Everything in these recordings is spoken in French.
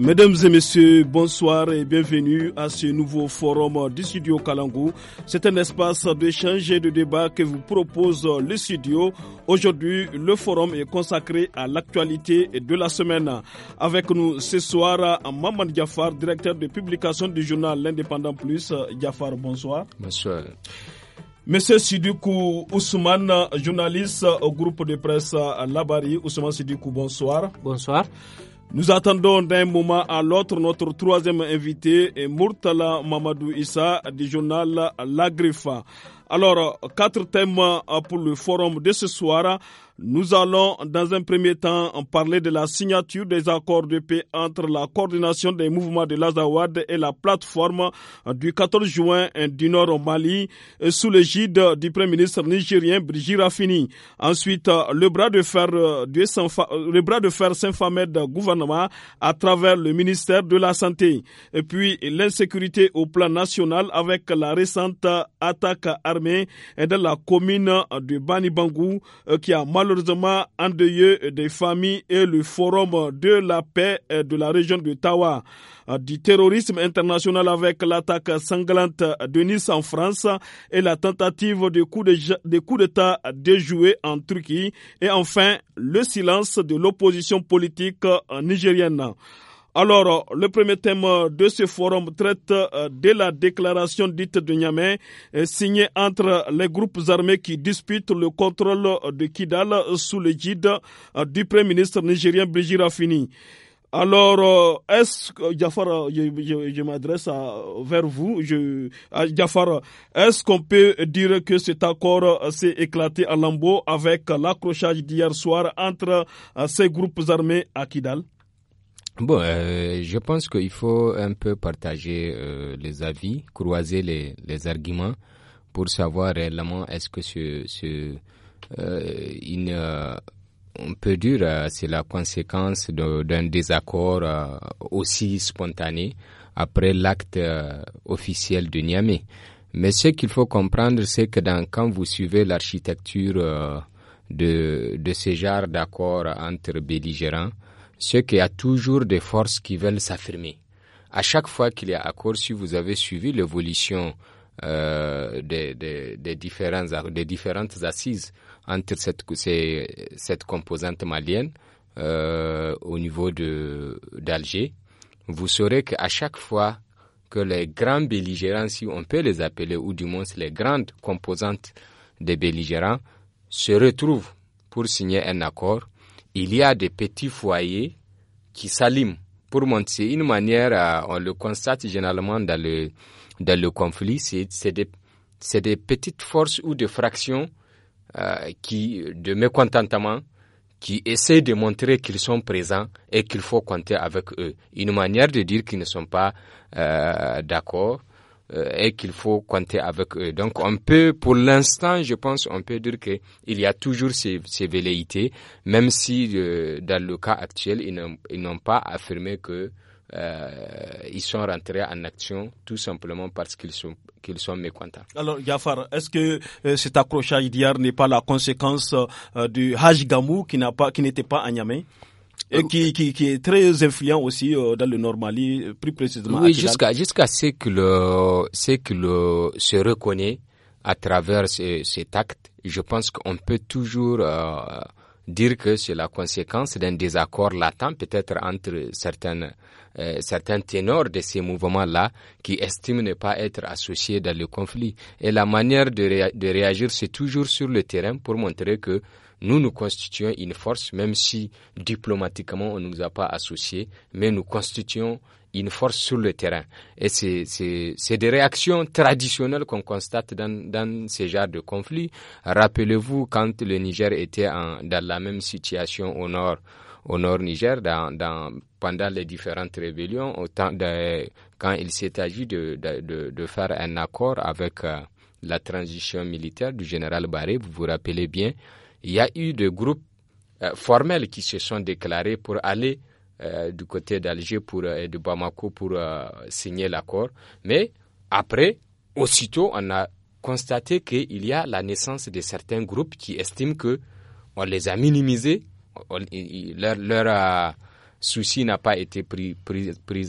Mesdames et messieurs, bonsoir et bienvenue à ce nouveau forum du studio Kalangou. C'est un espace d'échange et de débat que vous propose le studio. Aujourd'hui, le forum est consacré à l'actualité de la semaine. Avec nous ce soir, Maman Diafar, directeur de publication du journal L'Indépendant Plus. Diafar, bonsoir. Bonsoir. Monsieur Sidikou Ousmane, journaliste au groupe de presse Labari. Ousmane Sidikou, bonsoir. Bonsoir. Nous attendons d'un moment à l'autre notre troisième invité, Murtala Mamadou Issa du journal La Griffa. Alors, quatre thèmes pour le forum de ce soir. Nous allons dans un premier temps en parler de la signature des accords de paix entre la coordination des mouvements de l'Azawad et la plateforme du 14 juin du Nord au Mali sous l'égide du Premier ministre nigérien Brigitte Rafini. Ensuite, le bras de fer du le bras de fer Saint-Famed gouvernement à travers le ministère de la Santé. Et puis l'insécurité au plan national avec la récente attaque armée de la commune de Banibangou euh, qui a malheureusement malheureusement deuil des familles et le forum de la paix de la région de Tawa euh, du terrorisme international avec l'attaque sanglante de Nice en France et la tentative de coup d'État déjoué en Turquie et enfin le silence de l'opposition politique euh, nigérienne. Alors, le premier thème euh, de ce forum traite euh, de la déclaration dite de Niamey, euh, signée entre les groupes armés qui disputent le contrôle de Kidal sous le guide du Premier ministre nigérien Brigitte Rafini. Alors, est-ce que, Jafar, je, m'adresse vers vous, je, Jafar, est-ce qu'on peut dire que cet accord s'est éclaté à Lambeau avec l'accrochage d'hier soir entre ces groupes armés à Kidal? Bon, euh, je pense qu'il faut un peu partager euh, les avis, croiser les, les, arguments pour savoir réellement est-ce que ce, ce euh, on peut dire c'est la conséquence d'un désaccord aussi spontané après l'acte officiel de Niamey. Mais ce qu'il faut comprendre, c'est que quand vous suivez l'architecture de, de ce genre d'accord entre belligérants, ce qu'il y a toujours des forces qui veulent s'affirmer. À chaque fois qu'il y a accord, si vous avez suivi l'évolution euh, des, différentes, assises entre cette, cette composante malienne euh, au niveau d'Alger, vous saurez qu'à chaque fois que les grands belligérants, si on peut les appeler, ou du moins les grandes composantes des belligérants, se retrouvent pour signer un accord, il y a des petits foyers qui s'aliment. Pour montrer une manière, euh, on le constate généralement dans le, dans le conflit, c'est des, des, petites forces ou des fractions euh, qui, de mécontentement qui essaient de montrer qu'ils sont présents et qu'il faut compter avec eux. Une manière de dire qu'ils ne sont pas euh, d'accord euh, et qu'il faut compter avec eux. Donc on peut, pour l'instant, je pense, on peut dire que il y a toujours ces, velléités, même si euh, dans le cas actuel, ils n'ont pas affirmé que euh, sont rentrés en action tout simplement parce qu'ils sont qu'ils sont mécontents. Alors, Yafar, est-ce que cet accrochage d'hier n'est pas la conséquence du Hajj Gamou qui n'était pas à Niamey? et euh, qui, qui, qui est très influent aussi euh, dans le normali plus précisément. Oui, jusqu'à jusqu'à ce que le ce que le se reconnaît à travers cet acte. Je pense qu'on peut toujours euh, dire que c'est la conséquence d'un désaccord latent, peut-être entre certaines, certains ténors de ces mouvements-là qui estiment ne pas être associés dans le conflit. Et la manière de réagir, c'est toujours sur le terrain pour montrer que nous, nous constituons une force, même si diplomatiquement, on ne nous a pas associés, mais nous constituons une force sur le terrain. Et c'est des réactions traditionnelles qu'on constate dans, dans ces genres de conflits. Rappelez-vous quand le Niger était en, dans la même situation au nord au nord Niger dans, dans, pendant les différentes rébellions, autant de, quand il s'est agi de, de, de, faire un accord avec euh, la transition militaire du général Barré, vous vous rappelez bien, il y a eu des groupes euh, formels qui se sont déclarés pour aller euh, du côté d'Alger pour, euh, et de Bamako pour signer l'accord. Mais après, aussitôt, on a constaté qu'il y a la naissance de certains groupes qui estiment que on les a minimisés, leur, souci n'a pas été pris,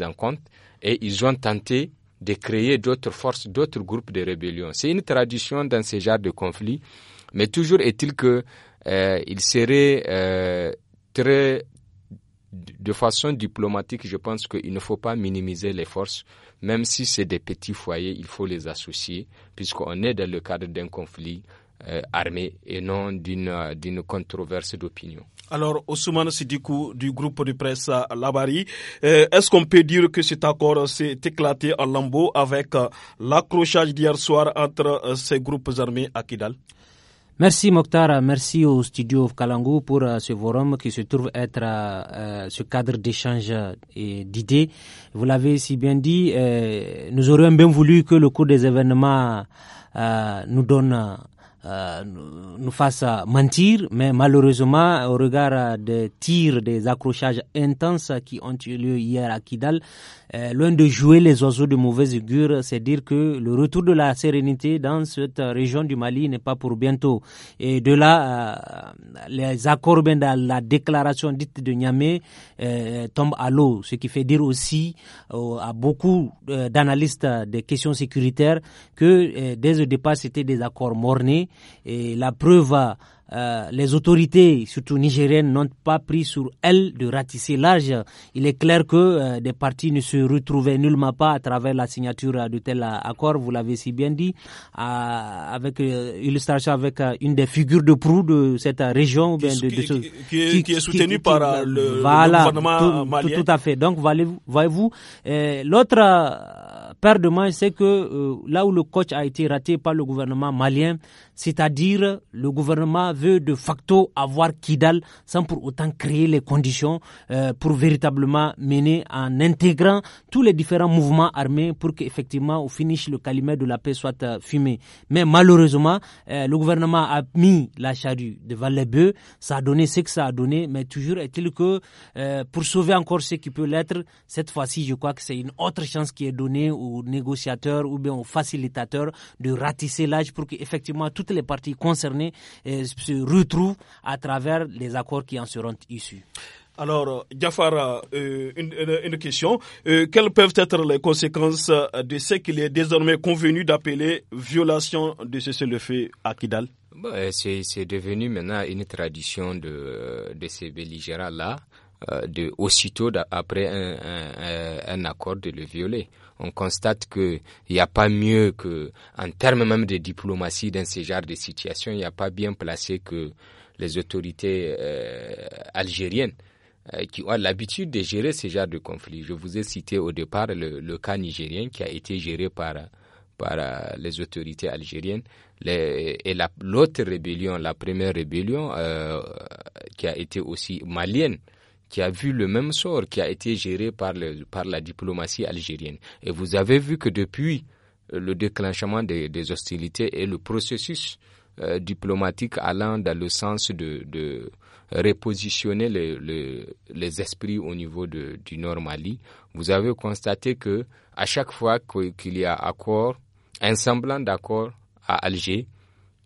en compte et ils ont tenté de créer d'autres forces, d'autres groupes de rébellion. C'est une tradition dans ce genre de conflits mais toujours est-il qu'il euh, serait euh, très de façon diplomatique, je pense qu'il ne faut pas minimiser les forces, même si c'est des petits foyers, il faut les associer, puisqu'on est dans le cadre d'un conflit euh, armé et non d'une d'une controverse d'opinion. Alors, Ousmane Sidikou du groupe de presse Labari, est-ce qu'on peut dire que cet accord s'est éclaté en lambeaux avec l'accrochage d'hier soir entre ces groupes armés à Kidal Merci Mokhtar, merci au studio Kalangou pour euh, ce forum qui se trouve être euh, euh, ce cadre d'échange et d'idées. Vous l'avez si bien dit, nous aurions bien voulu que le cours des événements nous donne nous fasse mentir, mais malheureusement, au regard des tirs, des accrochages intenses qui ont eu lieu hier à Kidal, euh, loin de jouer les oiseaux de mauvaise augure, c'est dire que le retour de la sérénité dans cette région du Mali n'est pas pour bientôt. Et de là, euh, les accords ben, dans la déclaration dite de Niamey euh, tombent à l'eau, ce qui fait dire aussi euh, à beaucoup d'analystes des questions sécuritaires que dès le départ, c'était des accords mornés. Et la preuve... Euh, les autorités, surtout nigériennes, n'ont pas pris sur elles de ratisser large. Il est clair que euh, des partis ne se retrouvaient nullement pas à travers la signature de tel accord, vous l'avez si bien dit, euh, avec avec une des figures de proue de cette région. Qui, bien, de, est, soutenue par le, gouvernement malien. Tout, à fait. Donc, voyez-vous, l'autre père de main, c'est que là où le coach a été raté par le gouvernement malien, c'est-à-dire le gouvernement veut de facto avoir Kidal sans pour autant créer les conditions euh, pour véritablement mener en intégrant tous les différents mouvements armés pour qu'effectivement au finish le calumet de la paix soit euh, fumé. Mais malheureusement, euh, le gouvernement a mis la charrue devant les bœufs, ça a donné ce que ça a donné, mais toujours est-il que pour sauver encore ce qui peut l'être, cette fois-ci je crois que c'est une autre chance qui est donnée aux négociateurs ou bien aux facilitateurs de ratisser l'âge pour qu'effectivement toutes les parties concernées se retrouvent à travers les accords qui en seront issus. Alors, Jafar, euh, une, question. Euh, quelles peuvent être les conséquences de ce qu'il est désormais convenu d'appeler violation de ce le fait » à Kidal euh, C'est devenu maintenant une tradition de, ces belligérants-là, aussitôt après un, accord, de le violer on constate qu'il n'y a pas mieux que, en termes même de diplomatie dans ce genre de situation, il n'y a pas bien placé que les autorités euh, algériennes euh, qui ont l'habitude de gérer ce genre de conflits. Je vous ai cité au départ le, cas nigérien qui a été géré par, par euh, les autorités algériennes. et l'autre rébellion, la première rébellion qui a été aussi malienne, qui a vu le même sort qui a été géré par, la diplomatie algérienne. Et vous avez vu que depuis euh, le déclenchement des, hostilités et le processus euh, diplomatique allant dans le sens de, de repositionner les esprits au niveau du Nord Mali, vous avez constaté que à chaque fois qu'il y a accord, un semblant d'accord à Alger,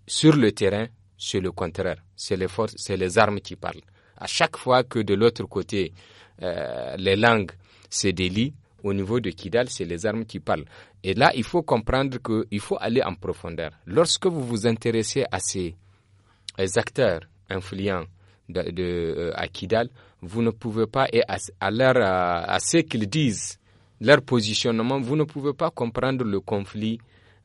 sur le terrain, c'est le contraire. C'est les forces, c'est les armes qui parlent à chaque fois que de l'autre côté, euh, les langues se délient, au niveau de Kidal, c'est les armes qui parlent. Et là, il faut comprendre qu'il faut aller en profondeur. Lorsque vous vous intéressez à ces acteurs influents de, euh, à Kidal, vous ne pouvez pas, et à, à, ce qu'ils disent, leur positionnement, vous ne pouvez pas comprendre le conflit,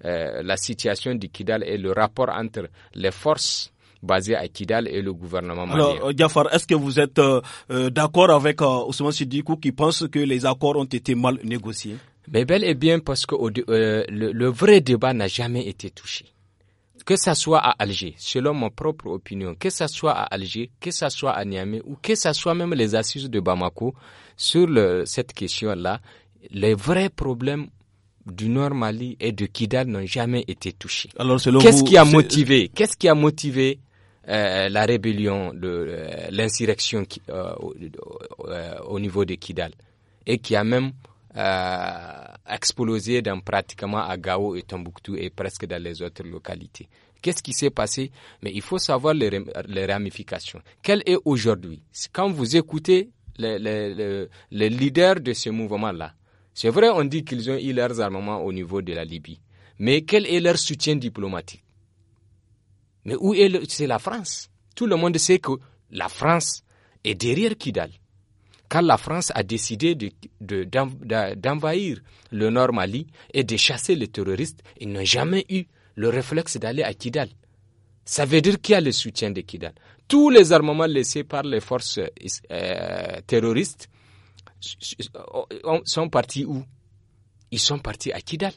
euh, la situation de Kidal et le rapport entre les forces basé à Kidal et le gouvernement malien. Alors, euh, est-ce que vous êtes euh, euh, d'accord avec Ousmane Sidikou qui pense que les accords ont été mal négociés Mais bel et bien parce que le, vrai débat n'a jamais été touché. Que ce soit à Alger, selon mon propre opinion, que ce soit à Alger, que ce soit à Niamey ou que ce soit même les assises de Bamako, sur cette question-là, les vrais problèmes du Nord Mali et de Kidal n'ont jamais été touchés. Alors, selon Qu'est-ce qui a motivé Qu'est-ce qui a motivé euh, la rébellion, euh, l'insurrection euh, au, niveau de Kidal et qui a même explosé dans pratiquement à Gao et Tombouctou et presque dans les autres localités. Qu'est-ce qui s'est passé Mais il faut savoir les, ramifications. Quelle est aujourd'hui Quand vous écoutez les, les leaders de ce mouvement-là, c'est vrai, on dit qu'ils ont eu leurs armements au niveau de la Libye, mais quel est leur soutien diplomatique mais où est c'est la France Tout le monde sait que la France est derrière Kidal. Quand la France a décidé d'envahir le Nord Mali et de chasser les terroristes, ils n'ont jamais eu le réflexe d'aller à Kidal. Ça veut dire qu'il y a le soutien de Kidal. Tous les armements laissés par les forces euh, terroristes sont partis où Ils sont partis à Kidal.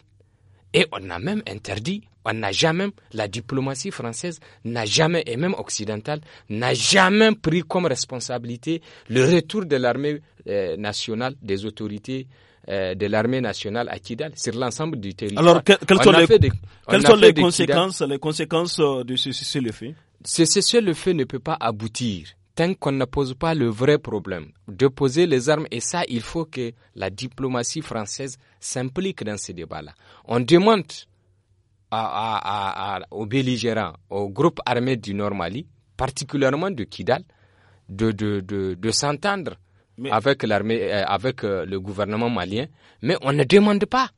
Et on a même interdit, on n'a jamais, la diplomatie française n'a jamais, et même occidentale, n'a jamais pris comme responsabilité le retour de l'armée euh, nationale, des autorités euh, de l'armée nationale à Kidal, sur l'ensemble du territoire. Alors, quelles sont, les, conséquences, les euh, conséquences de ce cessez le fait Ce cessez le fait ne peut pas aboutir tant qu'on ne pose pas le vrai problème de poser les armes, et ça, il faut que la diplomatie française s'implique dans ces débats-là. On demande aux belligérants, aux groupes armés du Nord-Mali, particulièrement de Kidal, de, s'entendre avec l'armée, euh, avec euh, le gouvernement malien, mais on ne demande pas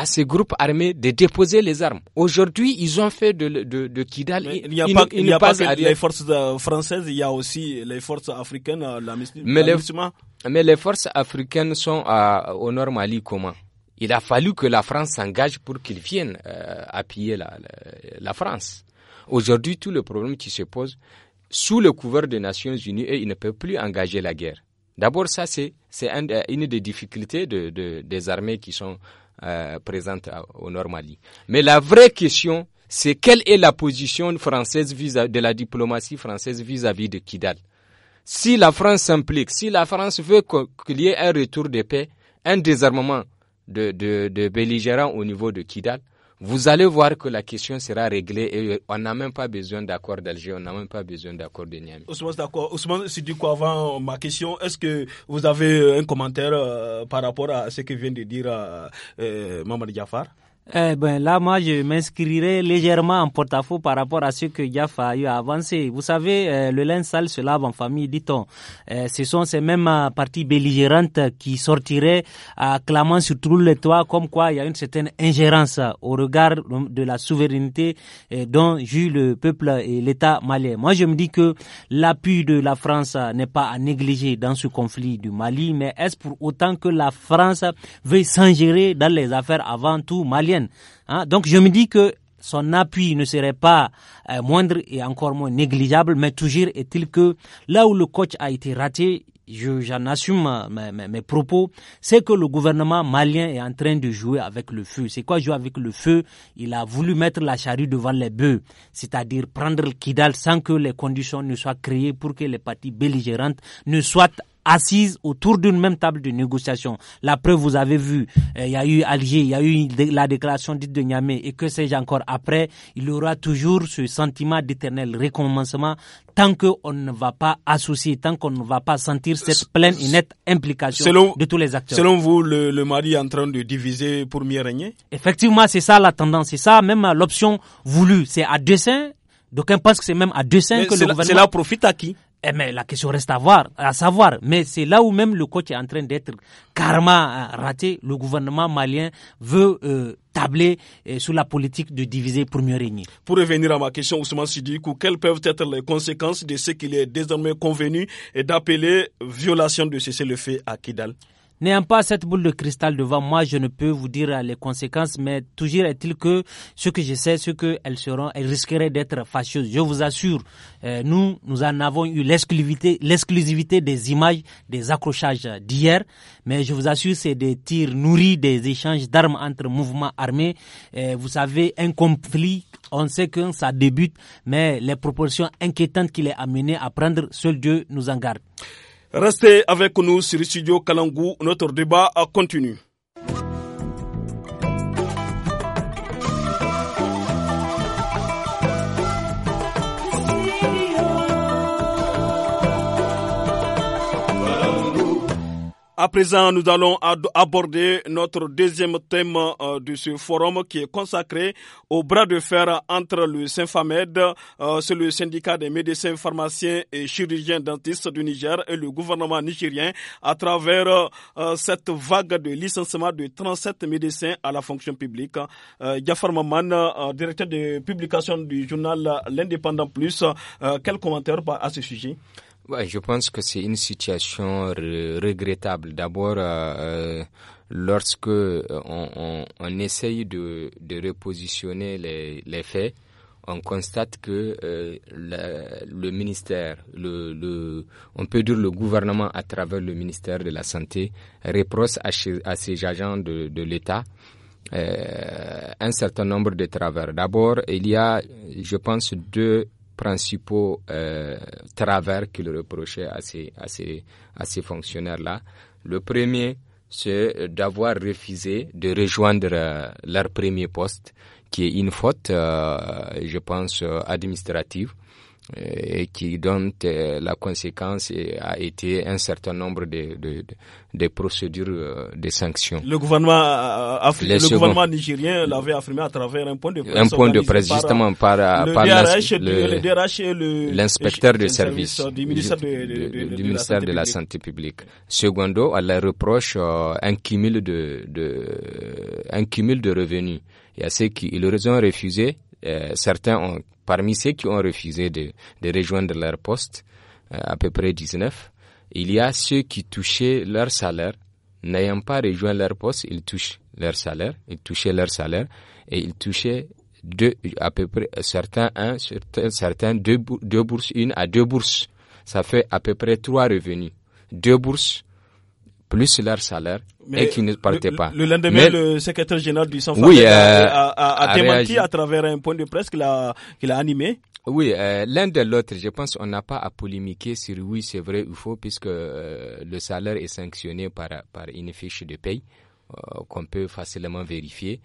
à ces groupes armés de déposer les armes. Aujourd'hui, ils ont fait de, de, Kidal. il n'y a, pas, que les forces euh, françaises, il y a aussi les forces africaines. Euh, la, mais, les, mais les forces africaines sont au nord Mali comment Il a fallu que la France s'engage pour qu'ils viennent euh, appuyer la, la, France. Aujourd'hui, tout le problème qui se pose, sous le couvert des Nations Unies, et ils ne peuvent plus engager la guerre. D'abord, ça, c'est, c'est une des difficultés de, des armées qui sont euh, présente au Nord Mali. Mais la vraie question, c'est quelle est la position française vis -à, de la diplomatie française vis-à-vis -vis de Kidal. Si la France s'implique, si la France veut qu'il y ait un retour de paix, un désarmement de, de, de belligérants au niveau de Kidal, vous allez voir que la question sera réglée et on n'a même pas besoin d'accord d'Alger, on n'a même pas besoin d'accord de Niamey. Ousmane, d'accord. du quoi avant euh, ma question, est-ce que vous avez euh, un commentaire euh, par rapport à ce que vient de dire euh, Mamadou Jafar eh ben là, moi, je m'inscrirai légèrement en porte-à-faux par rapport à ce que Yaf a eu à avancer. Vous savez, eh, le linge sale se lave en famille, dit-on. Eh, ce sont ces mêmes euh, parties belligérantes qui sortiraient à euh, clamant sur tous les toits comme quoi il y a une certaine ingérence au regard de la souveraineté eh, dont joue le peuple et l'État malien. Moi, je me dis que l'appui de la France n'est pas à négliger dans ce conflit du Mali, mais est-ce pour autant que la France veut s'ingérer dans les affaires avant tout maliennes Hein. Donc je me dis que son appui ne serait pas euh, moindre et encore moins négligeable, mais toujours est-il que là où le coach a été raté, j'en assume euh, mes, mes propos, c'est que le gouvernement malien est en train de jouer avec le feu. C'est quoi jouer avec le feu Il a voulu mettre la charrue devant les bœufs, c'est-à-dire prendre le Kidal sans que les conditions ne soient créées pour que les parties belligérantes ne soient assises autour d'une même table de négociation. La preuve, vous avez vu, euh, il y a eu Alger, il y a eu la déclaration dite de Niamey et que sais-je encore après, il y aura toujours ce sentiment d'éternel recommencement tant qu'on ne va pas associer, tant qu'on ne va pas sentir cette pleine et nette implication de tous les acteurs. Selon vous, le, le, mari est en train de diviser pour mieux régner Effectivement, c'est ça la tendance, c'est ça même l'option voulue. C'est à deux dessein D'aucuns pense que c'est même à deux dessein que le gouvernement... Cela profite à qui eh, mais la question reste à voir, à savoir. Mais c'est là où même le coach est en train d'être carrément euh, raté. Le gouvernement malien veut euh, tabler euh, sur la politique de diviser pour mieux régner. Pour revenir à ma question, Ousmane Sidikou, quelles peuvent être les conséquences de ce qu'il est désormais convenu d'appeler violation de c'est le fait à Kidal N'ayant pas cette boule de cristal devant moi, je ne peux vous dire les conséquences, mais toujours est-il que ce que je sais, ce qu'elles seront, elles risqueraient d'être fâcheuses. Je vous assure, euh, nous, nous en avons eu l'exclusivité, l'exclusivité des images, des accrochages d'hier, mais je vous assure, c'est des tirs nourris, des échanges d'armes entre mouvements armés. Euh, vous savez, un conflit on sait que ça débute, mais les proportions inquiétantes qu'il est amené à prendre, seul Dieu nous en garde. Restez avec nous sur Studio Kalangou, notre débat continue. À présent, nous allons aborder notre deuxième thème euh, de ce forum qui est consacré au bras de fer entre le saint euh, c'est le syndicat des médecins, pharmaciens et chirurgiens dentistes du Niger et le gouvernement nigérien à travers euh, cette vague de licenciement de 37 médecins à la fonction publique. Jafar Maman, directeur de publication du journal L'Indépendant Plus, quel commentaire à ce sujet? je pense que c'est une situation regrettable. D'abord, euh, euh, lorsque euh, on, on, essaye de, repositionner les, faits, on constate que le ministère, le, le, on peut dire le gouvernement à travers le ministère de la Santé, reproche à, ses agents de, l'État un certain nombre de travers. D'abord, il y a, je pense, deux principaux euh, travers qu'il reprochait à ces, à ces, à ces fonctionnaires-là. Le premier, c'est d'avoir refusé de rejoindre euh, leur premier poste, qui est une faute, euh, je pense, euh, administrative et qui dont euh, la conséquence a été un certain nombre de, de, de procédures euh, de sanctions. Le gouvernement, euh, le gouvernement nigérien l'avait affirmé à travers un point de presse. Un point de presse, justement, par, par, le, DRH, le, l'inspecteur de service du ministère de, de la, santé publique. Secondo, elle reproche euh, un, cumul de, un cumul de revenus. Il y a ceux qui ils refusé euh, certains ont, parmi ceux qui ont refusé de, de rejoindre leur poste, euh, à peu près 19, il y a ceux qui touchaient leur salaire, n'ayant pas rejoint leur poste, ils touchent leur salaire, ils touchaient leur salaire et ils touchaient deux, à peu près certains un, certains, certains deux bourses, une à deux bourses. Ça fait à peu près trois revenus. Deux bourses plus leur salaire et qui ne partaient pas. Le lendemain, le secrétaire général du Sanfa euh, a, a, démenti à travers un point de presse qu'il a, a animé. Oui, euh, l'un de l'autre, je pense qu'on n'a pas à polémiquer sur oui, c'est vrai ou faux, puisque euh, le salaire est sanctionné par, par une fiche de paye qu'on peut facilement vérifier.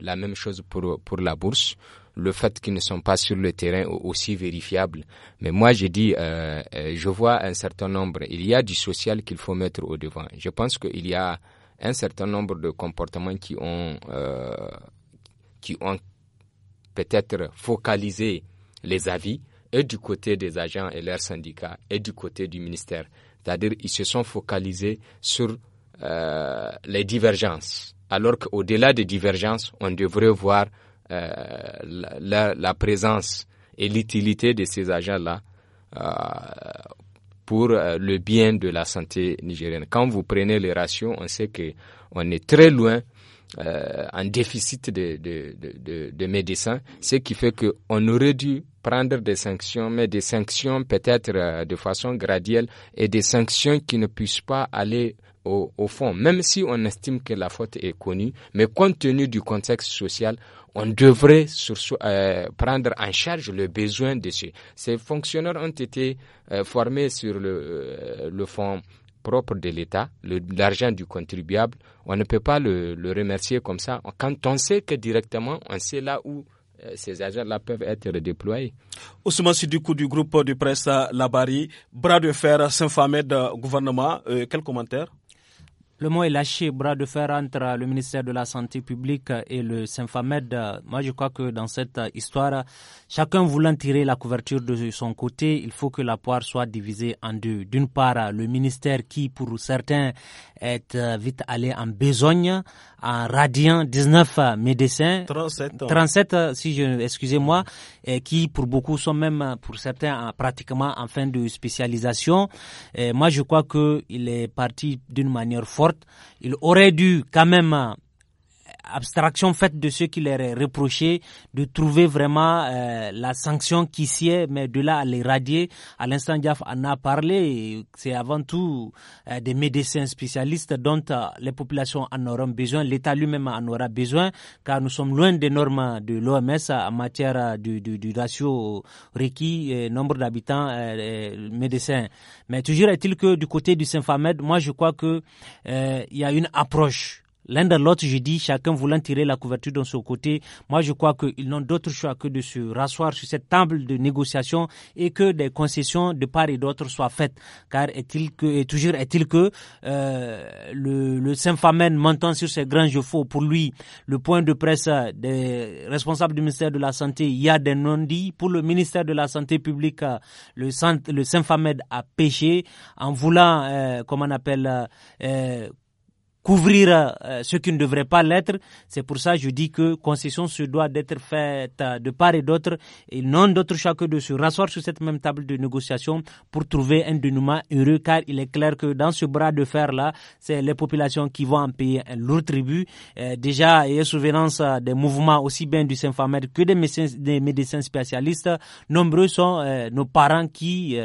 la même chose pour, pour la bourse le fait qu'ils ne sont pas sur le terrain aussi vérifiable. Mais moi, je dis, euh, euh, je vois un certain nombre. Il y a du social qu'il faut mettre au devant. Je pense qu'il y a un certain nombre de comportements qui ont, euh, qui ont peut-être focalisé les avis, et du côté des agents et leurs syndicats, et du côté du ministère. C'est-à-dire, ils se sont focalisés sur les divergences alors qu'au-delà des divergences, on devrait voir euh, la, présence et l'utilité de ces agents-là euh, pour euh, le bien de la santé nigérienne. Quand vous prenez les ratios, on sait que on est très loin en déficit de, de, médecins, ce qui fait qu'on aurait dû prendre des sanctions, mais des sanctions peut-être de façon graduelle et des sanctions qui ne puissent pas aller au, fond, même si on estime que la faute est connue, mais compte tenu du contexte social, on devrait euh, prendre en charge le besoin de ces Ces fonctionnaires ont été euh, formés sur euh, le, fonds propre de l'État, l'argent du contribuable. On ne peut pas le, remercier comme ça quand on sait que directement, on sait là où ces agents-là peuvent être déployés. Ousmane Sidikou du groupe de presse Labari, bras de fer Saint-Famed gouvernement, quel commentaire le mot est lâché, bras de fer entre le ministère de la Santé publique et le Symphamed. Moi, je crois que dans cette histoire, chacun voulant tirer la couverture de son côté, il faut que la poire soit divisée en deux. D'une part, le ministère qui, pour certains, est euh, vite allé en besogne en radiant 19 euh, médecins. 37. 37, euh, si je, excusez-moi, qui pour beaucoup sont même, pour certains, pratiquement en fin de spécialisation. Et moi, je crois que il est parti d'une manière forte. Il aurait dû quand même abstraction faite de ce qui leur est reproché, de trouver vraiment euh, la sanction qui est, mais de là à les radier. À l'instant, Diaf en a parlé. C'est avant tout euh, des médecins spécialistes dont euh, les populations en auront besoin, l'État lui-même en aura besoin, car nous sommes loin des normes de l'OMS en matière du, du, ratio requis, nombre d'habitants médecins. Mais toujours est-il que du côté du saint moi je crois que il y a une approche l'un de l'autre, je dis, chacun voulant tirer la couverture de son côté, moi je crois qu'ils n'ont d'autre choix que de se rasseoir sur cette table de négociation et que des concessions de part et d'autre soient faites. Car est-il que, toujours est-il que euh, le, Saint-Famène montant sur ses grands jeux faux, pour lui, le point de presse des responsables du ministère de la Santé, il y a des non-dits. Pour le ministère de la Santé publique, le, le Saint-Famène a péché en voulant, comme euh, comment on appelle, euh, couvrir euh, ce qui ne devrait pas l'être. C'est pour ça que je dis que concession se doit d'être faite euh, de part et d'autre et non d'autre chacun de se rasseoir sur cette même table de négociation pour trouver un dénouement heureux car il est clair que dans ce bras de fer-là, c'est les populations qui vont en payer un lourd tribut. Euh, déjà, il y a souvenance des mouvements aussi bien du saint que des médecins, des médecins spécialistes. Nombreux sont nos parents qui,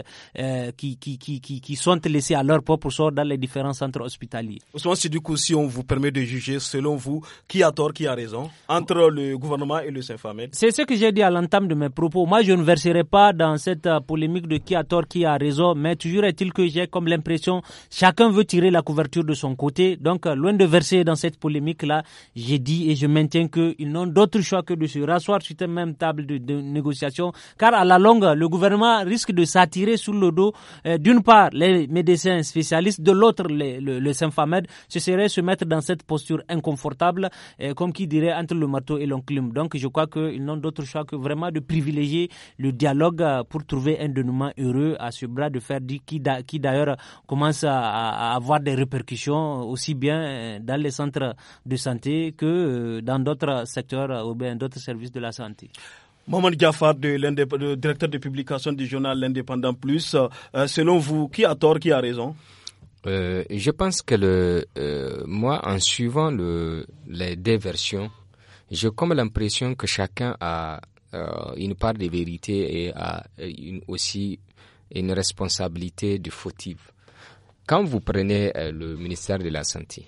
qui, qui, qui, qui, sont laissés à leur propre sort dans les différents centres hospitaliers. c'est du si on vous permet de juger, selon vous, qui a tort, qui a raison, entre le gouvernement et le saint C'est ce que j'ai dit à l'entame de mes propos. Moi, je ne verserai pas dans cette euh, polémique de qui a tort, qui a raison, mais toujours est-il que j'ai comme l'impression chacun veut tirer la couverture de son côté. Donc, euh, loin de verser dans cette polémique-là, j'ai dit et je maintiens qu'ils n'ont d'autre choix que de se rasseoir sur une même table de, négociation, car à la longue, le gouvernement risque de s'attirer sur le dos, euh, d'une part, les médecins spécialistes, de l'autre, le, le saint se mettre dans cette posture inconfortable, euh, comme qui dirait entre le marteau et l'enclume. Donc je crois qu'ils n'ont d'autre choix que vraiment de privilégier le dialogue euh, pour trouver un dénouement heureux à ce bras de fer qui, d'ailleurs commence à, avoir des répercussions aussi bien euh, dans les centres de santé que dans d'autres secteurs ou bien d'autres services de la santé. Mohamed Gaffard, directeur de publication du journal L'Indépendant Plus, selon vous, qui a tort, qui a raison euh, je pense que le, euh, moi, en suivant le, les deux versions, j'ai comme l'impression que chacun a euh, une part de vérité et a aussi une responsabilité de fautive. Quand vous prenez le ministère de la Santé,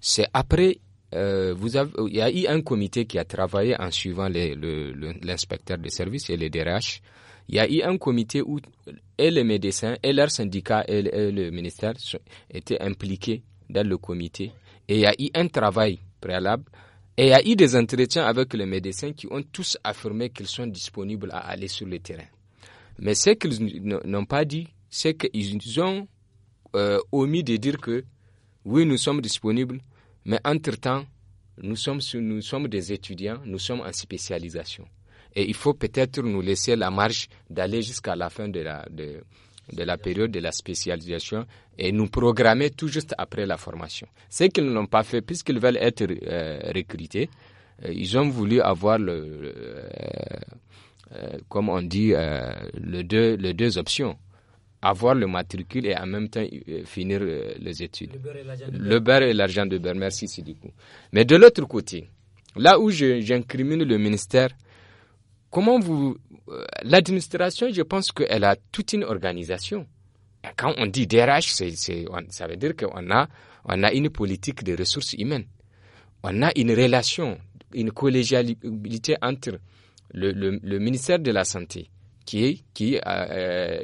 c'est après, vous avez, il y a eu un comité qui a travaillé en suivant l'inspecteur le, de service et les DRH il y a eu un comité où les médecins et leur syndicat, et le, ministère étaient impliqués dans le comité. Et il y a eu un travail préalable. Et il y a eu des entretiens avec les médecins qui ont tous affirmé qu'ils sont disponibles à aller sur le terrain. Mais ce qu'ils n'ont pas dit, c'est qu'ils ont euh, omis de dire que oui, nous sommes disponibles, mais entre-temps, nous sommes des étudiants, nous sommes en spécialisation. Et il faut peut-être nous laisser la marge d'aller jusqu'à la fin de la, de, de la période de la spécialisation et nous programmer tout juste après la formation. Ce qu'ils n'ont pas fait, puisqu'ils veulent être euh, recrutés, euh, ils ont voulu avoir le, euh, comme on dit, le deux, les deux options avoir le matricule et en même temps finir les études. Le beurre et l'argent de beurre. Merci, c'est du coup. Mais de l'autre côté, là où j'incrimine le ministère, comment vous... Euh, l'administration, je pense qu'elle a toute une organisation. Quand on dit DRH, ça veut dire qu'on a, on a une politique de ressources humaines. On a une relation, une collégialité entre le, ministère de la Santé, qui est, qui, euh, euh,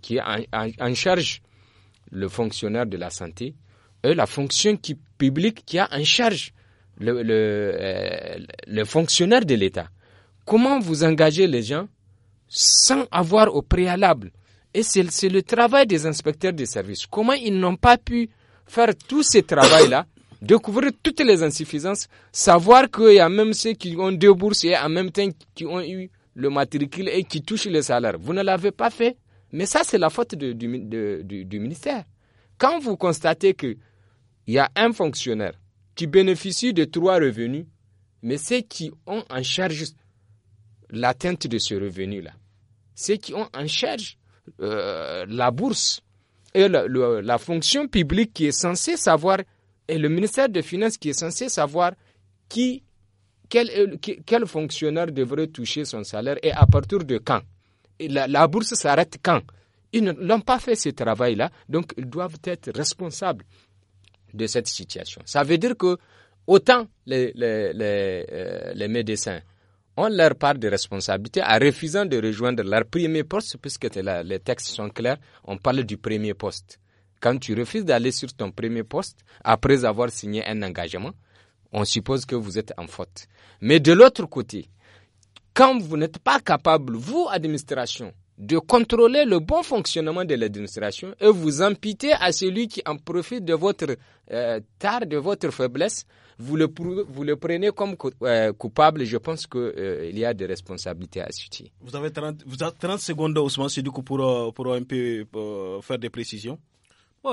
qui est en, charge le fonctionnaire de la santé, et la fonction publique qui a en charge le, le fonctionnaire de l'État. Comment vous engagez les gens sans avoir au préalable Et c'est le travail des inspecteurs des services. Comment ils n'ont pas pu faire tout ce travail-là découvrir toutes les insuffisances, savoir qu'il y a même ceux qui ont deux bourses et en même temps qui ont eu le matricule et qui touchent les salaires. Vous ne l'avez pas fait. Mais ça, c'est la faute du, du, ministère. Quand vous constatez qu'il y a un fonctionnaire qui bénéficie de trois revenus, mais ceux qui ont en charge l'atteinte de ce revenu-là. Ceux qui ont en charge euh, la bourse et la, fonction publique qui est censée savoir, et le ministère des Finances qui est censé savoir qui quel, euh, fonctionnaire devrait toucher son salaire et à partir de quand et la, bourse s'arrête quand Ils n'ont pas fait ce travail-là, donc ils doivent être responsables de cette situation. Ça veut dire que autant les, les, les euh, médecins, on leur part de responsabilité en refusant de rejoindre leur premier poste, puisque les textes sont clairs, on parle du premier poste. Quand tu refuses d'aller sur ton premier poste, après avoir signé un engagement, on suppose que vous êtes en faute. Mais de l'autre côté, quand vous n'êtes pas capable, vous, administration, de contrôler le bon fonctionnement de l'administration et vous imputer à celui qui en profite de votre euh, tard, de votre faiblesse, vous le, prenez comme euh, coupable. Je pense qu'il euh, y a des responsabilités à assumer. Vous avez 30, vous avez 30 secondes, Ousmane Sidoukou, pour, pour un peu pour faire des précisions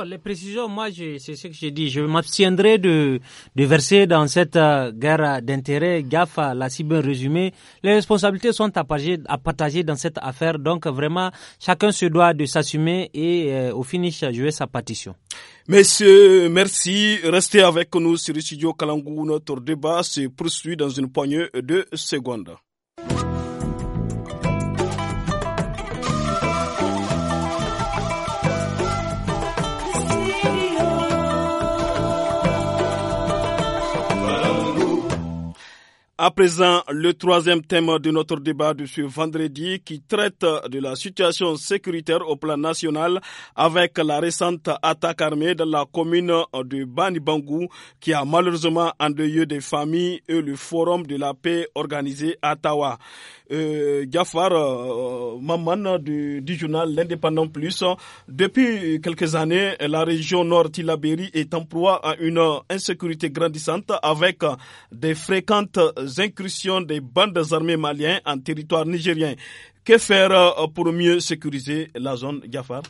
les précisions, moi, c'est ce que j'ai dit. Je m'abstiendrai de, de verser dans cette euh, guerre d'intérêt. GAFA l'a si bien résumé. Les responsabilités sont à partager, dans cette affaire. Donc, vraiment, chacun se doit de s'assumer et euh, au finish, jouer sa partition. Messieurs, merci. Restez avec nous sur le studio Kalangou. Notre débat se poursuit dans une poignée de secondes. À présent, le troisième thème de notre débat de ce vendredi qui traite de la situation sécuritaire au plan national avec la récente attaque armée dans la commune de Banibangou qui a malheureusement endeuillé des familles et le forum de la paix organisé à Tawa. Euh, Gafar euh, du, journal L'Indépendant Plus, depuis quelques années, la région nord tilabéry est en proie à une insécurité grandissante avec des fréquentes incursions des bandes armées maliennes en territoire nigérien. Que faire euh, pour mieux sécuriser la zone Gafar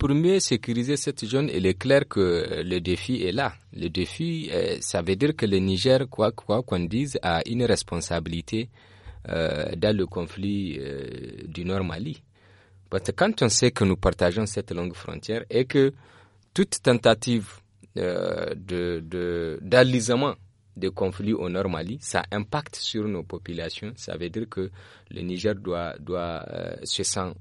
pour mieux sécuriser cette zone, il est clair que le défi est là. Le défi, euh, ça veut dire que le Niger, quoi qu'on dise, a une responsabilité euh, dans le conflit du Nord Mali. Parce que quand on sait que nous partageons cette longue frontière et que toute tentative euh, d'allisement des conflits au Nord Mali, ça impacte sur nos populations. Ça veut dire que le Niger doit, doit euh, se sent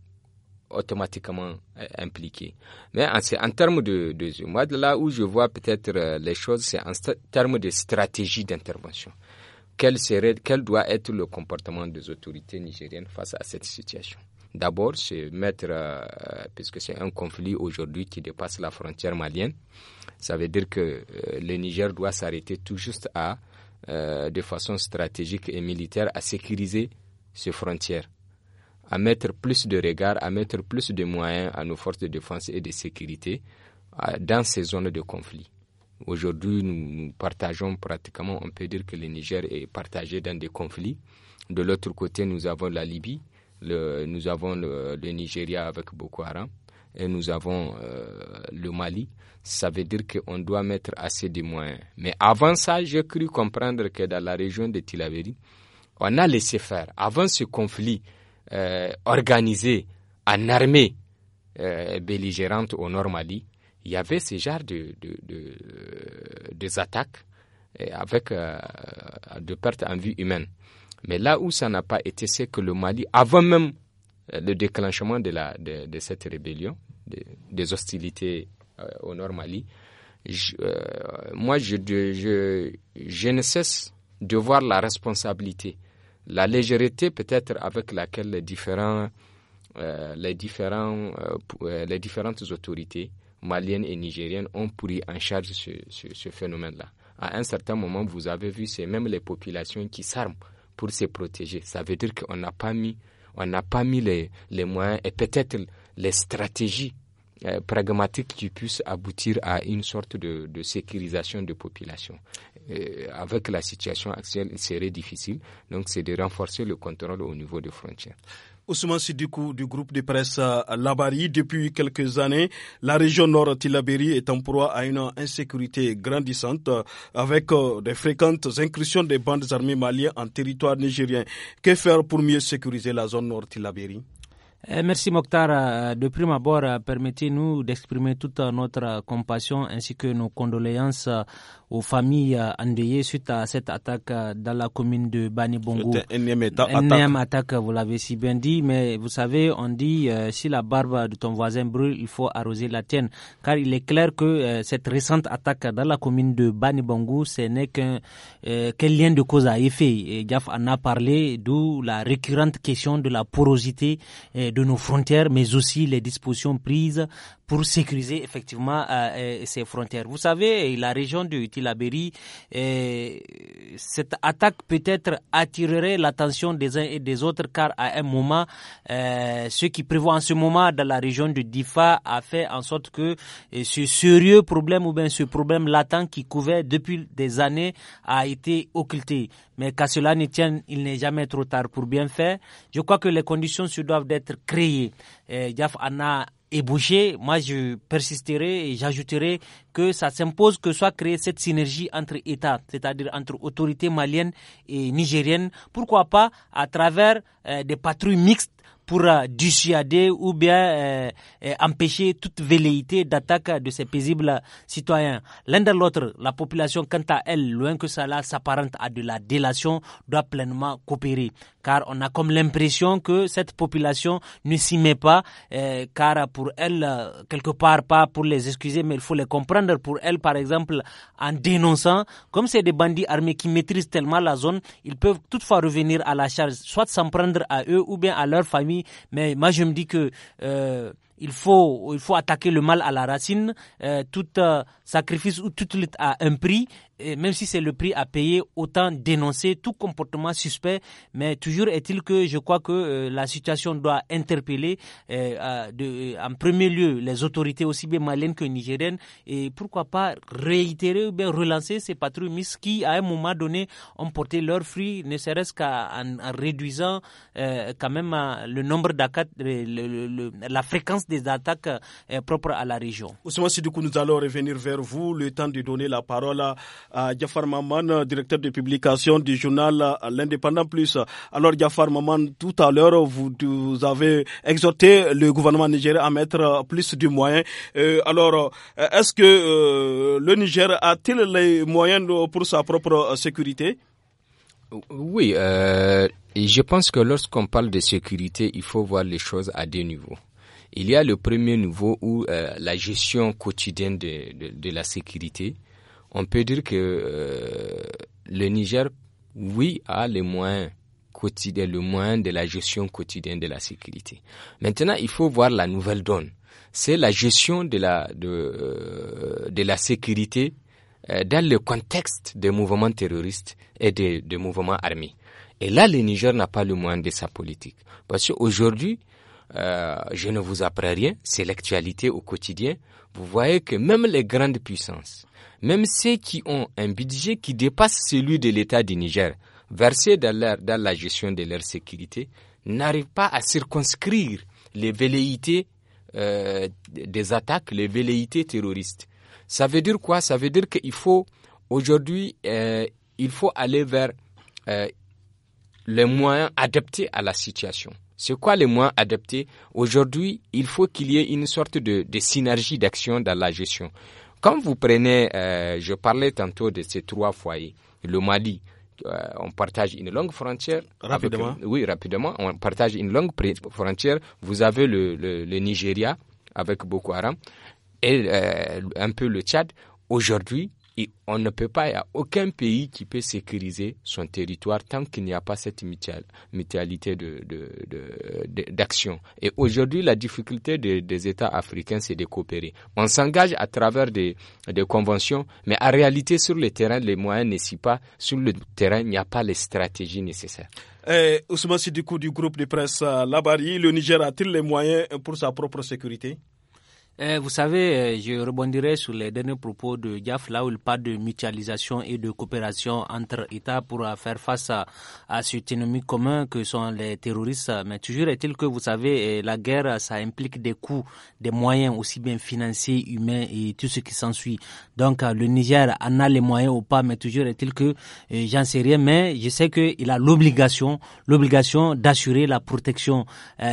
automatiquement euh, impliqué. Mais en, en termes de, de, moi de là où je vois peut-être euh, les choses, c'est en termes de stratégie d'intervention. Quel serait, quel doit être le comportement des autorités nigériennes face à cette situation? D'abord, c'est mettre, puisque c'est un conflit aujourd'hui qui dépasse la frontière malienne, ça veut dire que euh, le Niger doit s'arrêter tout juste à, euh, de façon stratégique et militaire, à sécuriser ses frontières, à mettre plus de regards, à mettre plus de moyens à nos forces de défense et de sécurité dans ces zones de conflit. Aujourd'hui, nous, partageons pratiquement, on peut dire que le Niger est partagé dans des conflits. De l'autre côté, nous avons la Libye, nous avons le, Nigeria avec Boko Haram, et nous avons euh, le Mali, ça veut dire qu'on doit mettre assez de moyens. Mais avant ça, j'ai cru comprendre que dans la région de Tilaveri, on a laissé faire. Avant ce conflit euh, organisé en armée euh, belligérante au Nord Mali, il y avait ce genre de, de, de, des attaques avec de pertes en vue humaine. Mais là où ça n'a pas été, c'est que le Mali, avant même euh, le déclenchement de, la, de, cette rébellion, des hostilités euh, au Nord Mali, euh, moi, je, je, je, ne cesse de voir la responsabilité, la légèreté peut-être avec laquelle les, différents, les, différents, les différentes autorités maliennes et nigériennes ont pris en charge ce, ce, ce phénomène-là. À un certain moment, vous avez vu, c'est même les populations qui s'arment pour se protéger. Ça veut dire qu'on n'a pas mis on n'a pas mis les, moyens et peut-être les stratégies euh, pragmatiques qui puissent aboutir à une sorte de, sécurisation de population. Euh, avec la situation actuelle, il serait difficile. Donc, c'est de renforcer le contrôle au niveau des frontières. Ousmane Sidikou du groupe de presse euh, Labari, depuis quelques années, la région nord tilabéri est en proie à une insécurité grandissante euh, avec euh, des fréquentes incursions des bandes armées maliennes en territoire nigérien. Que faire pour mieux sécuriser la zone nord tilabéri eh, Merci Mokhtar. De prime abord, permettez-nous d'exprimer toute notre compassion ainsi que nos condoléances aux familles endeuillées euh, suite à cette attaque euh, dans la commune de Bani Bongo. Énième attaque. attaque. vous l'avez si bien dit, mais vous savez, on dit euh, si la barbe de ton voisin brûle, il faut arroser la tienne, car il est clair que cette récente attaque dans la commune de Bani Bongo, ce n'est qu'un lien de cause à effet. Et Gaff en a parlé, d'où la récurrente question de la porosité de nos frontières, mais aussi les dispositions prises pour sécuriser effectivement euh, euh, ses frontières. Vous savez, la région de Tilaberi, euh, cette attaque peut-être attirerait l'attention des uns et des autres car à un moment, euh, ce qui prévoit en ce moment dans la région de Difa a fait en sorte que euh, ce sérieux problème ou bien ce problème latent qui couvait depuis des années a été occulté. Mais qu'à cela ne tienne, il n'est jamais trop tard pour bien faire. Je crois que les conditions se doivent d'être créées. Euh, Diaf en a et boucher, moi je persisterai et j'ajouterai que ça s'impose que soit créée cette synergie entre États, c'est-à-dire entre autorités maliennes et nigériennes, pourquoi pas à travers euh, des patrouilles mixtes pour euh, dissuader ou bien euh, euh, empêcher toute velléité d'attaque de ces paisibles citoyens. L'un de l'autre, la population, quant à elle, loin que cela s'apparente à de la délation, doit pleinement coopérer. Car on a comme l'impression que cette population ne s'y met pas, car pour elle, quelque part, pas pour les excuser, mais il faut les comprendre. Pour elle, par exemple, en dénonçant, comme c'est des bandits armés qui maîtrisent tellement la zone, ils peuvent toutefois revenir à la charge, soit s'en prendre à eux ou bien à leur famille mais moi, je me dis que euh, il faut attaquer le mal à la racine. Euh, tout euh, sacrifice ou toute lutte a un prix et même si c'est le prix à payer, autant dénoncer tout comportement suspect. Mais toujours est-il que je crois que euh, la situation doit interpeller euh, euh, en premier lieu les autorités aussi bien maliennes que nigériennes et pourquoi pas réitérer ou bien relancer ces patrouilles mises qui, à un moment donné, ont porté leurs fruits, ne serait-ce qu'en réduisant quand même le nombre d'attaques, la fréquence des attaques propres à la région. Ousmane nous allons revenir vers vous, le temps de donner la parole à à Jafar Maman, directeur de publication du journal L'Indépendant Plus. Alors Jafar Maman, tout à l'heure, vous, vous, avez exhorté le gouvernement nigérien à mettre plus de moyens. Euh, alors, euh, est-ce que euh, le Niger a-t-il les moyens pour sa propre sécurité Oui, je pense que lorsqu'on parle de sécurité, il faut voir les choses à deux niveaux. Il y a le premier niveau où la gestion quotidienne de la sécurité, on peut dire que euh, le Niger, oui, a les moyens quotidiens, le moyen de la gestion quotidienne de la sécurité. Maintenant, il faut voir la nouvelle donne. C'est la gestion de la, de, euh, de la sécurité euh, dans le contexte des mouvements terroristes et des, mouvements armés. Et là, le Niger n'a pas le moyen de sa politique. Parce qu'aujourd'hui, je ne vous apprends rien, c'est l'actualité au quotidien. Vous voyez que même les grandes puissances, même ceux qui ont un budget qui dépasse celui de l'État du Niger, versé dans, la gestion de leur sécurité, n'arrivent pas à circonscrire les velléités euh, des attaques, les velléités terroristes. Ça veut dire quoi Ça veut dire qu'il faut, aujourd'hui, euh, il faut aller vers euh, les moyens adaptés à la situation. C'est quoi les moyens adaptés Aujourd'hui, il faut qu'il y ait une sorte de synergie d'action dans la gestion. Quand vous prenez, euh, je parlais tantôt de ces trois foyers, le Mali, euh, on partage une longue frontière. Rapidement. oui, rapidement. On partage une longue frontière. Vous avez le, le, Nigeria avec Boko Haram et euh, un peu le Tchad. Aujourd'hui, et on ne peut pas, il n'y a aucun pays qui peut sécuriser son territoire tant qu'il n'y a pas cette mutualité d'action. De, Et aujourd'hui, la difficulté des, États africains, c'est de coopérer. On s'engage à travers des, conventions, mais en réalité, sur le terrain, les moyens ne pas. Sur le terrain, il n'y a pas les stratégies nécessaires. Eh, Ousmane Sidikou du groupe de presse euh, Labari, le Niger a-t-il les moyens pour sa propre sécurité eh, vous savez, eh, je rebondirai sur les derniers propos de Diaf, là où il parle de mutualisation et de coopération entre États pour euh, faire face à, ce cet ennemi commun que sont les terroristes. Mais toujours est-il que, vous savez, eh, la guerre, ça implique des coûts, des moyens aussi bien financiers, humains et tout ce qui s'ensuit. Donc, euh, le Niger en a les moyens ou pas, mais toujours est-il que, j'en sais rien, mais je sais qu'il a l'obligation, l'obligation d'assurer la protection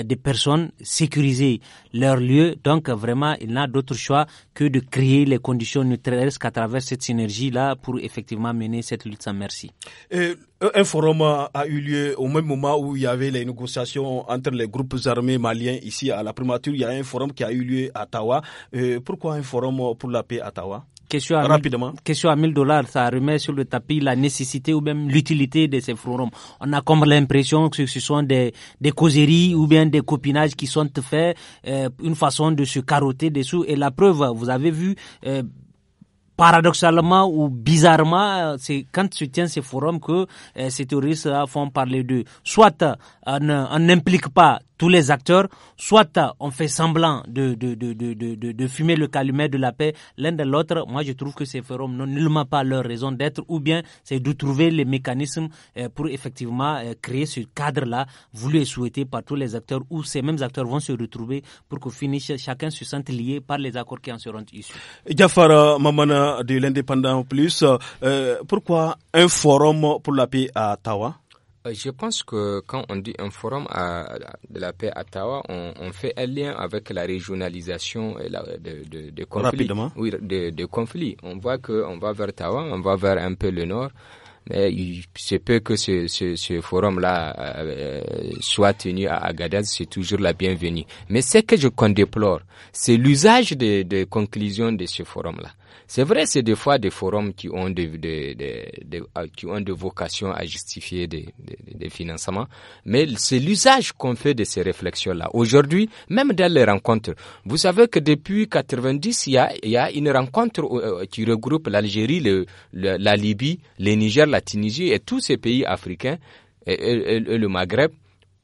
des personnes, sécuriser leur lieu. Donc, vraiment, il n'a d'autre choix que de créer les conditions neutres qu'à travers cette synergie-là pour effectivement mener cette lutte sans merci. Euh, un forum a eu lieu au même moment où il y avait les négociations entre les groupes armés maliens ici à la primature. Il y a un forum qui a eu lieu à Tawa. Euh, pourquoi un forum pour la paix à Tawa question à question à 1000 dollars, ça remet sur le tapis la nécessité ou même l'utilité de ces forums. On a comme l'impression que ce sont des, des causeries ou bien des copinages qui sont faits, euh, une façon de se carotter dessous. Et la preuve, vous avez vu, euh, paradoxalement ou bizarrement, c'est quand se tient ces forums que euh, ces terroristes euh, font parler d'eux. Soit euh, on n'implique pas tous les acteurs, soit on fait semblant de, de, de, de, de fumer le calumet de la paix l'un de l'autre. Moi, je trouve que ces forums n'ont nullement pas leur raison d'être, ou bien c'est de trouver les mécanismes pour effectivement créer ce cadre-là voulu et souhaité par tous les acteurs, où ces mêmes acteurs vont se retrouver pour que finish, chacun se sente lié par les accords qui en seront issus de l'Indépendant Plus. Euh, pourquoi un forum pour la paix à Tawa euh, je pense que quand on dit un forum de la paix à Tawa on, fait un lien avec la régionalisation et la, de, de, conflits. Rapidement. Oui, de, On voit qu'on va vers Tawa, on va vers un peu le nord. Mais il se que ce, ce, forum-là euh, soit tenu à Agadez, c'est toujours la bienvenue. Mais ce que je condéplore, c'est l'usage des, des conclusions de ce forum-là. C'est vrai, c'est des fois des forums qui ont des, euh, qui ont vocations à justifier des, financements, mais c'est l'usage qu'on fait de ces réflexions-là. Aujourd'hui, même dans les rencontres, vous savez que depuis 90, il y a, il y a une rencontre euh, euh, qui regroupe l'Algérie, le, la Libye, le Niger, la Tunisie et tous ces pays africains et le Maghreb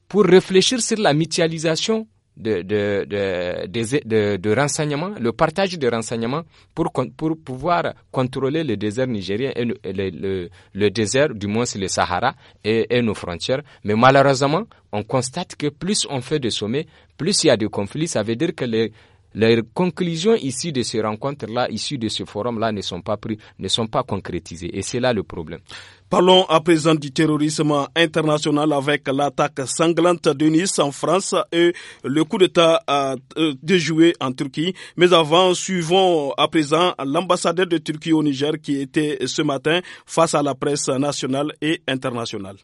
pour réfléchir sur la mutualisation de, de, de, de, renseignements, le partage de renseignements pour, pour pouvoir contrôler le désert nigérien et le, le, désert, du moins c'est le Sahara et, et, nos frontières. Mais malheureusement, on constate que plus on fait de sommets, plus il y a de conflits. Ça veut dire que les, les conclusions ici de ces rencontres-là, issues de ce forum-là, ne sont pas prises, ne sont pas concrétisées. Et c'est là le problème. Parlons à présent du terrorisme international avec l'attaque sanglante de Nice en France et le coup d'État euh, euh, déjoué en Turquie. Mais avant, suivons à présent l'ambassadeur de Turquie au Niger qui était ce matin face à la presse nationale et internationale.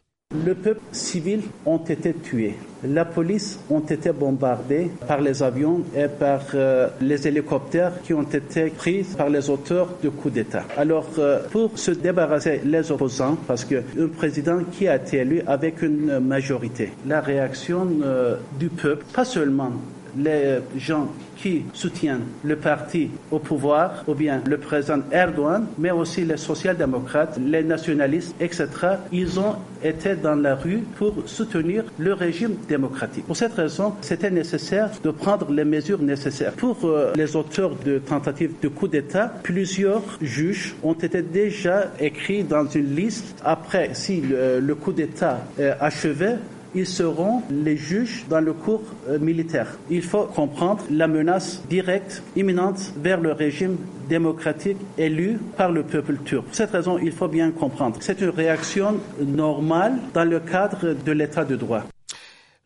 Le peuple civil ont été tués. La police ont été bombardée par les avions et par euh, les hélicoptères qui ont été pris par les auteurs du coup d'État. Alors, euh, pour se débarrasser les opposants, parce que qu'un président qui a été élu avec une majorité, la réaction euh, du peuple, pas seulement les euh, gens qui soutiennent le parti au pouvoir, ou bien le président Erdogan, mais aussi les social-démocrates, les nationalistes, etc., ils ont été dans la rue pour soutenir le régime démocratique. Pour cette raison, c'était nécessaire de prendre les mesures nécessaires. Pour euh, les auteurs de tentatives de coup d'État, plusieurs juges ont été déjà écrits dans une liste. Après, si le, le coup d'État est achevé, ils seront les juges dans le cours euh, militaire. Il faut comprendre la menace directe, imminente vers le régime démocratique élu par le peuple turc. Pour cette raison, il faut bien comprendre. C'est une réaction normale dans le cadre de l'état de droit.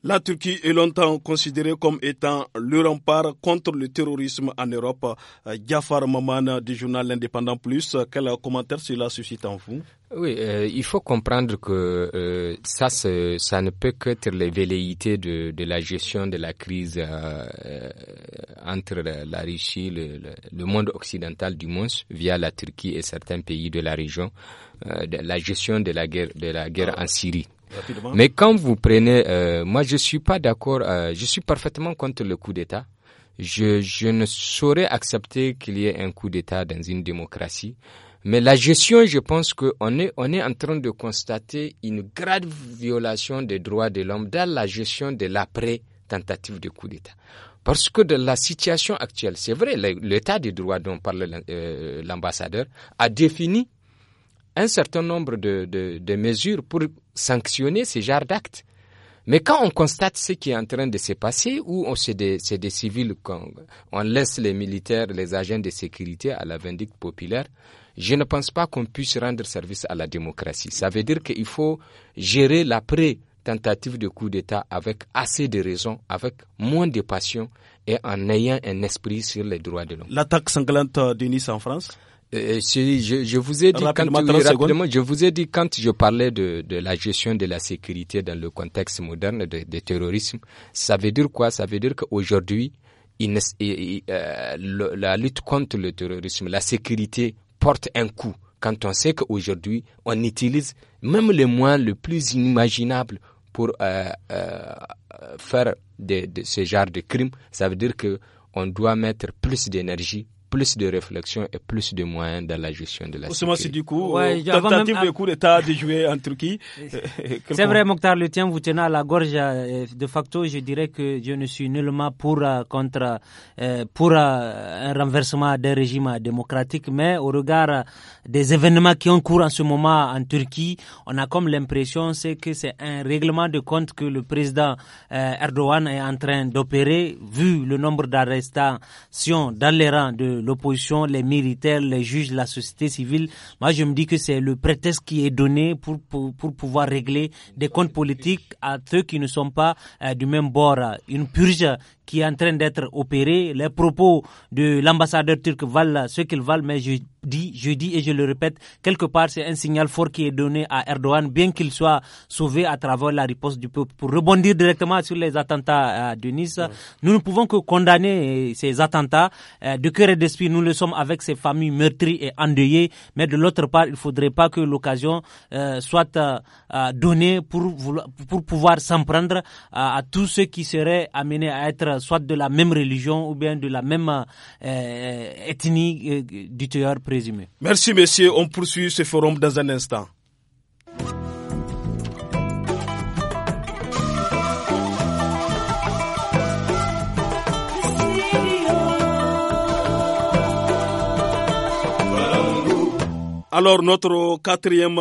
La Turquie est longtemps considérée comme étant le rempart contre le terrorisme en Europe. Jafar Maman du journal Indépendant Plus, quel commentaire cela suscite en vous Oui, euh, il faut comprendre que euh, ça, ne peut qu'être les velléités de, la gestion de la crise euh, entre la Russie, le, monde occidental du monde, via la Turquie et certains pays de la région, de la gestion de la guerre, de la guerre en Syrie. Mais quand vous prenez, euh, moi je suis pas d'accord, euh, je suis parfaitement contre le coup d'État. Je, je ne saurais accepter qu'il y ait un coup d'État dans une démocratie. Mais la gestion, je pense qu'on est, on est en train de constater une grave violation des droits de l'homme dans la gestion de l'après-tentative de coup d'État. Parce que de la situation actuelle, c'est vrai, l'état des droits dont parle euh, l'ambassadeur a défini un certain nombre de, de, mesures pour sanctionner ces genre d'actes. Mais quand on constate ce qui est en train de se passer, où c'est des, civils, on, on laisse les militaires, les agents de sécurité à la vindicte populaire, je ne pense pas qu'on puisse rendre service à la démocratie. Ça veut dire qu'il faut gérer l'après tentative de coup d'État avec assez de raison, avec moins de passion et en ayant un esprit sur les droits de l'homme. L'attaque sanglante de en France euh, je, vous ai dit quand, je vous ai dit quand je parlais de, la gestion de la sécurité dans le contexte moderne des de terrorisme, ça veut dire quoi Ça veut dire qu'aujourd'hui, euh, la lutte contre le terrorisme, la sécurité porte un coup. Quand on sait qu'aujourd'hui, on utilise même les moyens le plus inimaginables pour euh, faire ce genre de crime, ça veut dire que on doit mettre plus d'énergie plus de réflexion et plus de moyens dans la gestion de la Ousmane du coup, de coup de jouer en Turquie. Euh, c'est vrai, Mokhtar, le tien vous tenez à la gorge. Euh, de facto, je dirais que je ne suis nullement pour, euh, contre, pour un renversement d'un régime démocratique, mais au regard des événements qui ont cours en ce moment en Turquie, on a comme l'impression c'est que c'est un règlement de compte que le président Erdogan est en train d'opérer, vu le nombre d'arrestations dans les rangs de l'opposition, les militaires, les juges, la société civile. Moi, je me dis que c'est le prétexte qui est donné pour, pour, pour, pouvoir régler des comptes politiques à ceux qui ne sont pas euh, du même bord. Une purge qui est en train d'être opéré, les propos de l'ambassadeur turc valent ce qu'ils valent, mais je dis, je dis et je le répète, quelque part c'est un signal fort qui est donné à Erdogan, bien qu'il soit sauvé à travers la riposte du peuple. Pour rebondir directement sur les attentats euh, de Nice, nous ne pouvons que condamner euh, ces attentats. Euh, de cœur et d'esprit, nous le sommes avec ces familles meurtries et endeuillées, mais de l'autre part, il ne faudrait pas que l'occasion soit donnée pour, pour pouvoir s'en prendre à tous ceux qui seraient amenés à être euh, soit de la même religion ou bien de la même euh, euh, ethnie du tueur présumé. Merci, messieurs. On poursuit ce forum dans un instant. Alors notre quatrième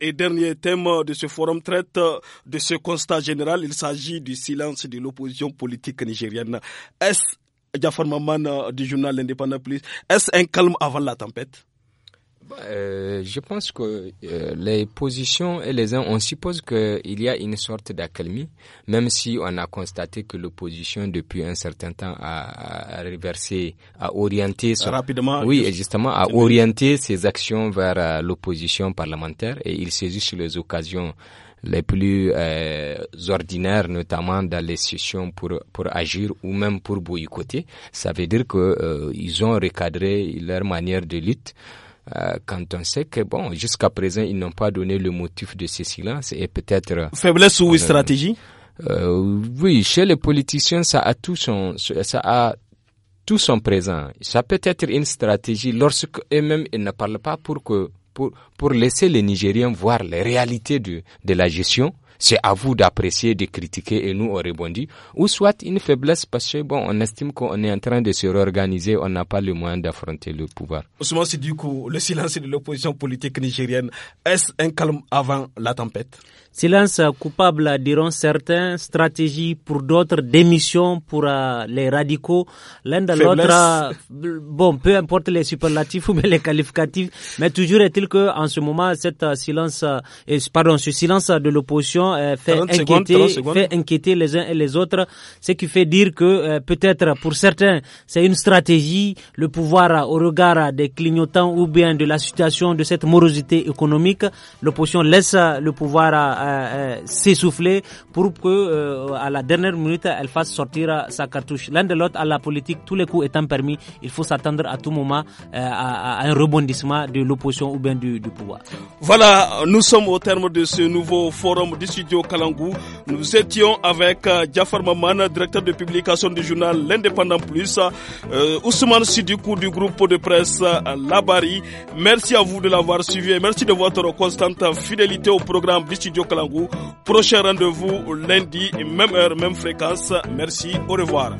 et dernier thème de ce forum traite de ce constat général. Il s'agit du silence de l'opposition politique nigérienne. Est-ce, Jafar euh, du journal Indépendant Plus, est-ce un calme avant la tempête bah, euh, je pense que euh, les positions et les uns, on suppose qu'il y a une sorte d'accalmie, même si on a constaté que l'opposition depuis un certain temps a, a reversé, a orienté son, rapidement, oui, justement, a orienté ses actions vers euh, l'opposition parlementaire et il saisit sur les occasions les plus ordinaires, notamment dans les sessions pour, pour agir ou même pour boycotter. Ça veut dire que euh, ont recadré leur manière de lutte euh, quand on sait que, bon, jusqu'à présent, ils n'ont pas donné le motif de ce silence et peut-être... Euh, Faiblesse ou stratégie euh, Oui, chez les politiciens, ça a tout son... Ça a tout son présent. Ça peut être une stratégie lorsque eux-mêmes ils ne parlent pas pour que pour, pour laisser les Nigériens voir les réalités de, de la gestion c'est à vous d'apprécier, de critiquer et nous on rebondit, ou soit une faiblesse parce que bon, on estime qu'on est en train de se réorganiser, on n'a pas le moyen d'affronter le pouvoir. c'est du coup le silence de l'opposition politique nigérienne, est-ce un calme avant la tempête Silence coupable, diront certains, stratégie pour d'autres, démission pour euh, les radicaux, l'un de l'autre, euh, bon, peu importe les superlatifs ou les qualificatifs, mais toujours est-il que en ce moment, euh, silence, pardon, ce silence de l'opposition euh, fait, inquiéter, les uns et les autres, ce qui fait dire que euh, peut-être pour certains, c'est une stratégie, le pouvoir au regard des clignotants ou bien de la situation de cette morosité économique, l'opposition laisse le pouvoir euh, s'essouffler pour que à la dernière minute, elle fasse sortir sa cartouche. L'un de l'autre, à la politique, tous les coups étant permis, il faut s'attendre à tout moment à, un rebondissement de l'opposition ou bien du, du pouvoir. Voilà, nous sommes au terme de ce nouveau forum studio Nous étions avec euh, Jafar Maman, directeur de publication du journal L'Indépendant Plus, euh, Ousmane Sidikou du groupe de presse euh, Labari. Merci à vous de l'avoir suivi et merci de votre constante fidélité au programme du studio Kalangou. Prochain rendez-vous lundi, même heure, même fréquence. Merci, au revoir.